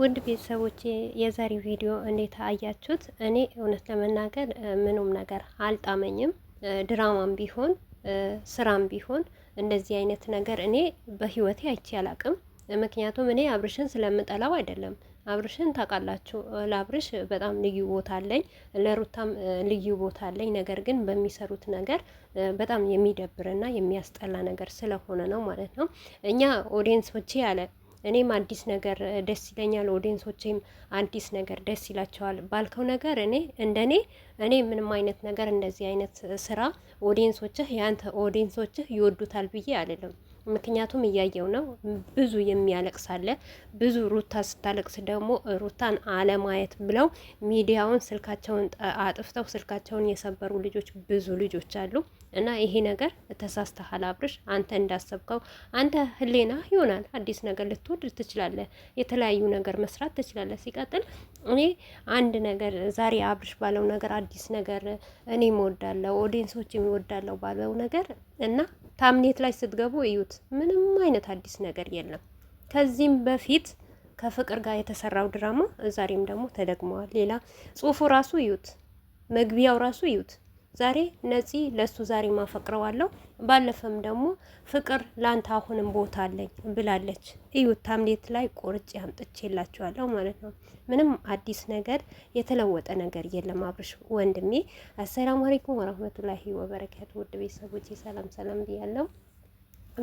ውድ ቤተሰቦች የዛሬው ቪዲዮ እንዴት አያችሁት? እኔ እውነት ለመናገር ምንም ነገር አልጣመኝም። ድራማም ቢሆን ስራም ቢሆን እንደዚህ አይነት ነገር እኔ በህይወቴ አይቼ አላቅም። ምክንያቱም እኔ አብርሽን ስለምጠላው አይደለም። አብርሽን ታውቃላችሁ፣ ለአብርሽ በጣም ልዩ ቦታ አለኝ፣ ለሩታም ልዩ ቦታ አለኝ። ነገር ግን በሚሰሩት ነገር በጣም የሚደብርና የሚያስጠላ ነገር ስለሆነ ነው ማለት ነው። እኛ ኦዲየንሶቼ ያለ እኔም አዲስ ነገር ደስ ይለኛል፣ ኦዲየንሶቼም አዲስ ነገር ደስ ይላቸዋል ባልከው ነገር እኔ እንደኔ እኔ ምንም አይነት ነገር እንደዚህ አይነት ስራ ኦዲየንሶችህ የአንተ ኦዲየንሶችህ ይወዱታል ብዬ አልልም። ምክንያቱም እያየው ነው። ብዙ የሚያለቅስ አለ። ብዙ ሩታ ስታለቅስ ደግሞ ሩታን አለማየት ብለው ሚዲያውን ስልካቸውን አጥፍተው ስልካቸውን የሰበሩ ልጆች ብዙ ልጆች አሉ እና ይሄ ነገር ተሳስተሃል አብርሽ። አንተ እንዳሰብከው አንተ ህሌና ይሆናል አዲስ ነገር ልትወድ ትችላለህ። የተለያዩ ነገር መስራት ትችላለህ። ሲቀጥል እኔ አንድ ነገር ዛሬ አብርሽ ባለው ነገር አዲስ ነገር እኔ እወዳለሁ ኦዲየንሶች የሚወዳለው ባለው ነገር እና ታምኔት ላይ ስትገቡ እዩት፣ ምንም አይነት አዲስ ነገር የለም። ከዚህም በፊት ከፍቅር ጋር የተሰራው ድራማ ዛሬም ደግሞ ተደግመዋል። ሌላ ጽሁፉ ራሱ እዩት፣ መግቢያው ራሱ እዩት። ዛሬ ነፂ ለሱ ዛሬ ማፈቅረዋለሁ፣ ባለፈም ደግሞ ፍቅር ላንተ አሁንም ቦታ አለኝ ብላለች። እዩ ታምሌት ላይ ቆርጬ አምጥቼላችኋለሁ ማለት ነው። ምንም አዲስ ነገር የተለወጠ ነገር የለም። አብርሽ ወንድሜ፣ አሰላሙ አለይኩም ወረህመቱላሂ ወበረካቱ። ውድ ቤተሰቦቼ ሰላም ሰላም ብያለሁ።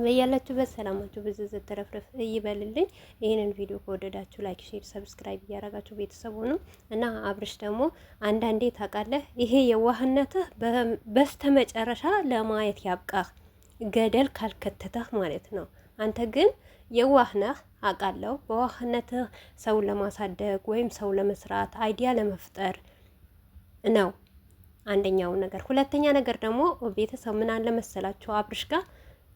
በያላችሁበት ሰላማችሁ ብዙ ዘተረፍረፍ ይበልልኝ። ይህንን ቪዲዮ ከወደዳችሁ ላይክ፣ ሼር፣ ሰብስክራይብ እያረጋችሁ ቤተሰብ ነው እና አብርሽ ደግሞ አንዳንዴ ታውቃለህ፣ ይሄ የዋህነትህ በስተመጨረሻ ለማየት ያብቃህ፣ ገደል ካልከተተህ ማለት ነው። አንተ ግን የዋህነህ አውቃለሁ። በዋህነትህ ሰው ለማሳደግ ወይም ሰው ለመስራት አይዲያ ለመፍጠር ነው አንደኛው ነገር። ሁለተኛ ነገር ደግሞ ቤተሰብ ምን አለ መሰላችሁ አብርሽ ጋር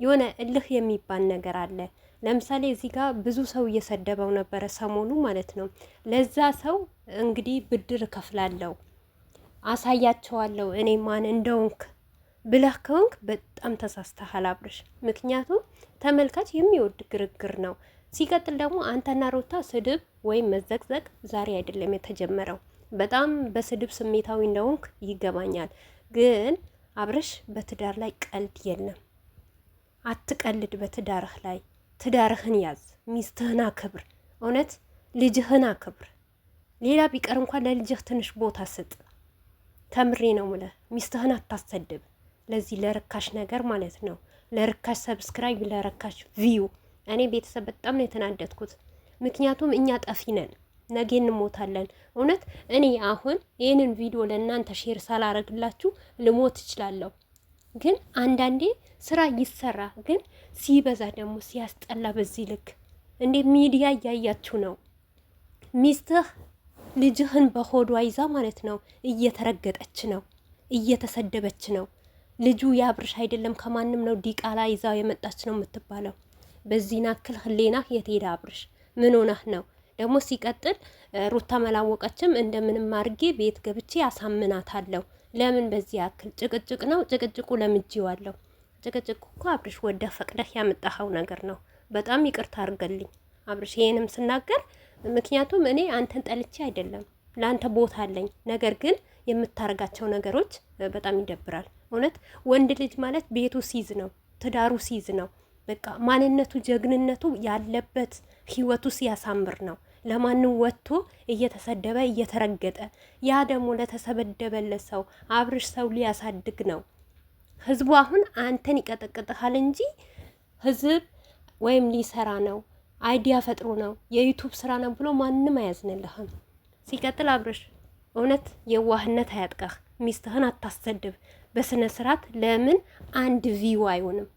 የሆነ እልህ የሚባል ነገር አለ። ለምሳሌ እዚህ ጋር ብዙ ሰው እየሰደበው ነበረ ሰሞኑ ማለት ነው። ለዛ ሰው እንግዲህ ብድር እከፍላለሁ፣ አሳያቸዋለሁ እኔ ማን እንደውንክ ብለህ ከሆንክ በጣም ተሳስተሃል አብርሽ። ምክንያቱም ተመልካች የሚወድ ግርግር ነው። ሲቀጥል ደግሞ አንተና ሮታ ስድብ ወይም መዘቅዘቅ ዛሬ አይደለም የተጀመረው። በጣም በስድብ ስሜታዊ እንደሆንክ ይገባኛል። ግን አብርሽ በትዳር ላይ ቀልድ የለም። አትቀልድ በትዳርህ ላይ። ትዳርህን ያዝ፣ ሚስትህን አክብር፣ እውነት ልጅህን አክብር። ሌላ ቢቀር እንኳን ለልጅህ ትንሽ ቦታ ስጥ። ከምሬ ነው ምለህ ሚስትህን አታሰድብ። ለዚህ ለርካሽ ነገር ማለት ነው፣ ለርካሽ ሰብስክራይብ፣ ለርካሽ ቪዩ። እኔ ቤተሰብ በጣም ነው የተናደድኩት። ምክንያቱም እኛ ጠፊ ነን፣ ነገ እንሞታለን። እውነት እኔ አሁን ይህንን ቪዲዮ ለእናንተ ሼር ሳላረግላችሁ ልሞት እችላለሁ። ግን አንዳንዴ ስራ ይሰራ፣ ግን ሲበዛ ደግሞ ሲያስጠላ። በዚህ ልክ እንዴ! ሚዲያ እያያችሁ ነው። ሚስትህ ልጅህን በሆዷ ይዛ ማለት ነው እየተረገጠች ነው፣ እየተሰደበች ነው። ልጁ የአብርሽ አይደለም ከማንም ነው፣ ዲቃላ ይዛ የመጣች ነው የምትባለው። በዚህ ናክል ህሌና የት ሄደ አብርሽ? ምን ሆነህ ነው? ደግሞ ሲቀጥል ሩታ መላወቀችም እንደምንም አድርጌ ቤት ገብቼ አሳምናታለሁ። ለምን በዚህ ያክል ጭቅጭቅ ነው? ጭቅጭቁ ለምጄዋለሁ። ጭቅጭቅ እኮ አብርሽ ወደ ፈቅደህ ያመጣኸው ነገር ነው። በጣም ይቅርታ አድርገልኝ አብርሽ፣ ይሄንም ስናገር ምክንያቱም እኔ አንተን ጠልቼ አይደለም፣ ለአንተ ቦታ አለኝ። ነገር ግን የምታደርጋቸው ነገሮች በጣም ይደብራል። እውነት ወንድ ልጅ ማለት ቤቱ ሲይዝ ነው፣ ትዳሩ ሲይዝ ነው። በቃ ማንነቱ፣ ጀግንነቱ ያለበት ህይወቱ ሲያሳምር ነው። ለማንም ወጥቶ እየተሰደበ እየተረገጠ ያ ደግሞ ለተሰበደበለት ሰው አብርሽ ሰው ሊያሳድግ ነው ህዝቡ አሁን አንተን ይቀጠቅጥሃል እንጂ ህዝብ ወይም ሊሰራ ነው አይዲያ ፈጥሮ ነው የዩቱብ ስራ ነው ብሎ ማንም አያዝንልህም። ሲቀጥል አብርሽ እውነት የዋህነት አያጥቃህ፣ ሚስትህን አታሰድብ በስነ ስርዓት። ለምን አንድ ቪው አይሆንም?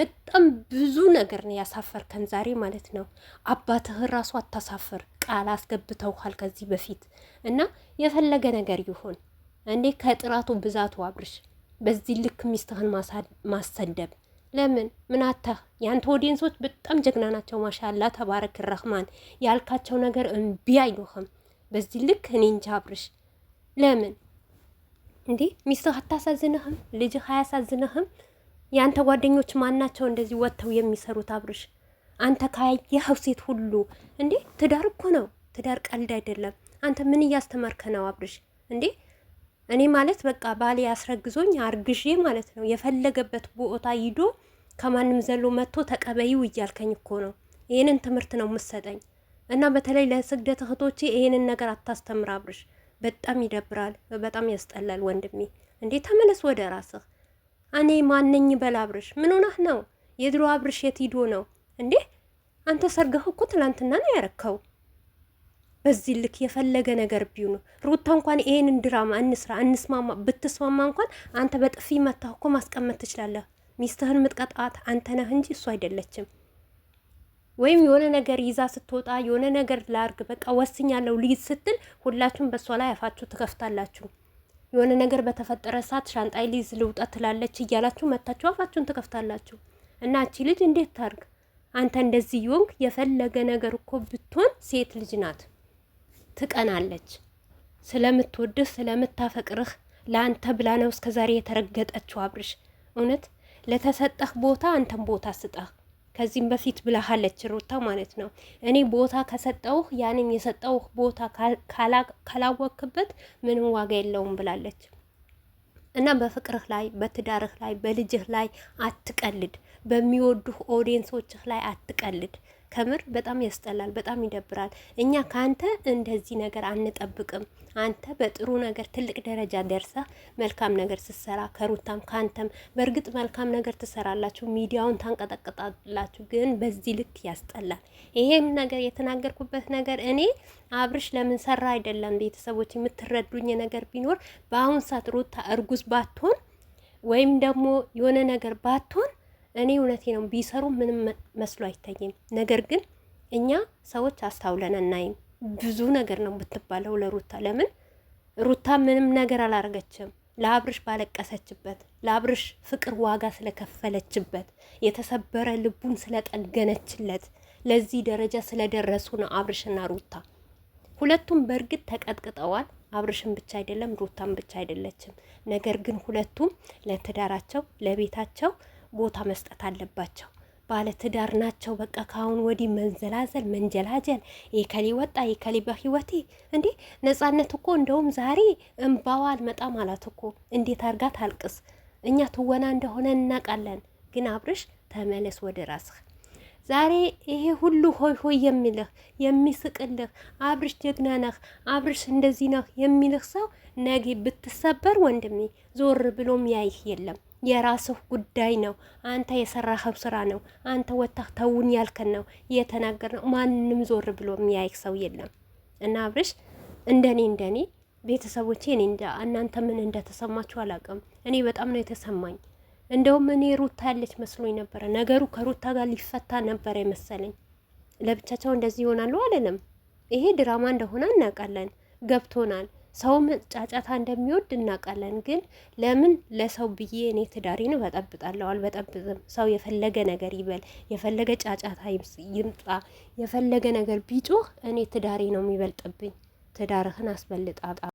በጣም ብዙ ነገር ነው ያሳፈርከን ዛሬ ማለት ነው። አባትህን ራሱ አታሳፍር፣ ቃል አስገብተውሃል ከዚህ በፊት እና የፈለገ ነገር ይሆን እንዴ ከጥራቱ ብዛቱ አብርሽ በዚህ ልክ ሚስትህን ማሰደብ ለምን ምን አታህ? የአንተ ኦዲየንሶች በጣም ጀግና ናቸው። ማሻላ ተባረክ ረህማን ያልካቸው ነገር እምቢ አይሉህም። በዚህ ልክ እኔ እንጃ አብርሽ፣ ለምን እንዴ ሚስትህ አታሳዝንህም? ልጅህ አያሳዝንህም? የአንተ ጓደኞች ማናቸው እንደዚህ ወጥተው የሚሰሩት? አብርሽ አንተ ካየኸው ሴት ሁሉ እንዴ ትዳር እኮ ነው። ትዳር ቀልድ አይደለም። አንተ ምን እያስተማርከ ነው አብርሽ እንዴ? እኔ ማለት በቃ ባሌ ያስረግዞኝ አርግዤ ማለት ነው የፈለገበት ቦታ ሂዶ ከማንም ዘሎ መጥቶ ተቀበይው እያልከኝ እኮ ነው። ይህንን ትምህርት ነው የምትሰጠኝ። እና በተለይ ለስግደት እህቶቼ ይህንን ነገር አታስተምር አብርሽ። በጣም ይደብራል፣ በጣም ያስጠላል። ወንድሜ እንዴ ተመለስ ወደ ራስህ። እኔ ማነኝ በል አብርሽ። ምን ሆነህ ነው? የድሮ አብርሽ የት ሂዶ ነው እንዴ? አንተ ሰርገህ እኮ ትላንትና ነው ያረከው። በዚህ ልክ የፈለገ ነገር ቢሆን ሩታ እንኳን ይሄንን ድራማ እንስራ እንስማማ ብትስማማ እንኳን አንተ በጥፊ መታህ እኮ ማስቀመጥ ትችላለህ። ሚስትህን ምጥቀጣት አንተ ነህ እንጂ እሱ አይደለችም። ወይም የሆነ ነገር ይዛ ስትወጣ የሆነ ነገር ላርግ በቃ ወስኛለሁ ልይዝ ስትል ሁላችሁም በእሷ ላይ አፋችሁ ትከፍታላችሁ። የሆነ ነገር በተፈጠረ ሰዓት ሻንጣይ ልይዝ ልውጣ ትላለች እያላችሁ መታችሁ አፋችሁን ትከፍታላችሁ። እና እቺ ልጅ እንዴት ታርግ? አንተ እንደዚህ ይወንክ የፈለገ ነገር እኮ ብትሆን ሴት ልጅ ናት። ትቀናለች። ስለምትወድህ ስለምታፈቅርህ ለአንተ ብላ ነው እስከዛሬ የተረገጠችው። አብርሽ እውነት ለተሰጠህ ቦታ አንተም ቦታ ስጠህ። ከዚህም በፊት ብላሃለች ሩታ ማለት ነው። እኔ ቦታ ከሰጠውህ ያንን የሰጠውህ ቦታ ካላወክበት ምንም ዋጋ የለውም ብላለች። እናም በፍቅርህ ላይ በትዳርህ ላይ በልጅህ ላይ አትቀልድ። በሚወዱህ ኦዲየንሶችህ ላይ አትቀልድ። ከምር በጣም ያስጠላል፣ በጣም ይደብራል። እኛ ካንተ እንደዚህ ነገር አንጠብቅም። አንተ በጥሩ ነገር ትልቅ ደረጃ ደርሰ መልካም ነገር ስትሰራ ከሩታም ከአንተም በእርግጥ መልካም ነገር ትሰራላችሁ፣ ሚዲያውን ታንቀጠቅጣላችሁ። ግን በዚህ ልክ ያስጠላል። ይሄም ነገር የተናገርኩበት ነገር እኔ አብርሽ ለምን ሰራ አይደለም። ቤተሰቦች የምትረዱኝ ነገር ቢኖር በአሁን ሰዓት ሩታ እርጉዝ ባትሆን ወይም ደግሞ የሆነ ነገር ባትሆን እኔ እውነቴ ነው ቢሰሩ ምንም መስሎ አይታይም። ነገር ግን እኛ ሰዎች አስተውለን እናይም። ብዙ ነገር ነው የምትባለው ለሩታ። ለምን ሩታ ምንም ነገር አላረገችም። ለአብርሽ ባለቀሰችበት ለአብርሽ ፍቅር ዋጋ ስለከፈለችበት የተሰበረ ልቡን ስለጠገነችለት ለዚህ ደረጃ ስለደረሱ ነው አብርሽና ሩታ ሁለቱም በእርግጥ ተቀጥቅጠዋል። አብርሽን ብቻ አይደለም ሩታም ብቻ አይደለችም። ነገር ግን ሁለቱም ለትዳራቸው ለቤታቸው ቦታ መስጠት አለባቸው። ባለትዳር ናቸው። በቃ ከአሁን ወዲህ መንዘላዘል መንጀላጀል፣ የከሌ ወጣ የከሌ በህይወቴ እንዴ! ነጻነት እኮ እንደውም ዛሬ እምባዋ አልመጣም አላት እኮ። እንዴት አርጋ ታልቅስ? እኛ ትወና እንደሆነ እናውቃለን። ግን አብርሽ ተመለስ ወደ ራስህ። ዛሬ ይሄ ሁሉ ሆይ ሆይ የሚልህ የሚስቅልህ አብርሽ ጀግና ነህ፣ አብርሽ እንደዚህ ነህ የሚልህ ሰው ነገ ብትሰበር ወንድሜ ዞር ብሎም ያይህ የለም። የራስህ ጉዳይ ነው። አንተ የሰራኸው ስራ ነው። አንተ ወታህ ተውን ያልከን ነው የተናገር ነው። ማንም ዞር ብሎ የሚያይክ ሰው የለም። እና አብርሽ እንደኔ እንደኔ ቤተሰቦቼ እኔ እንደ እናንተ ምን እንደተሰማችሁ አላውቅም። እኔ በጣም ነው የተሰማኝ። እንደውም እኔ ሩታ ያለች መስሎኝ ነበረ። ነገሩ ከሩታ ጋር ሊፈታ ነበረ የመሰለኝ። ለብቻቸው እንደዚህ ይሆናሉ አለንም። ይሄ ድራማ እንደሆነ እናውቃለን፣ ገብቶናል። ሰውም ጫጫታ እንደሚወድ እናውቃለን። ግን ለምን ለሰው ብዬ እኔ ትዳሬን በጠብጣለሁ? አልበጠብጥም። ሰው የፈለገ ነገር ይበል፣ የፈለገ ጫጫታ ይምጣ፣ የፈለገ ነገር ቢጮህ እኔ ትዳሬ ነው የሚበልጥብኝ። ትዳርህን አስበልጣ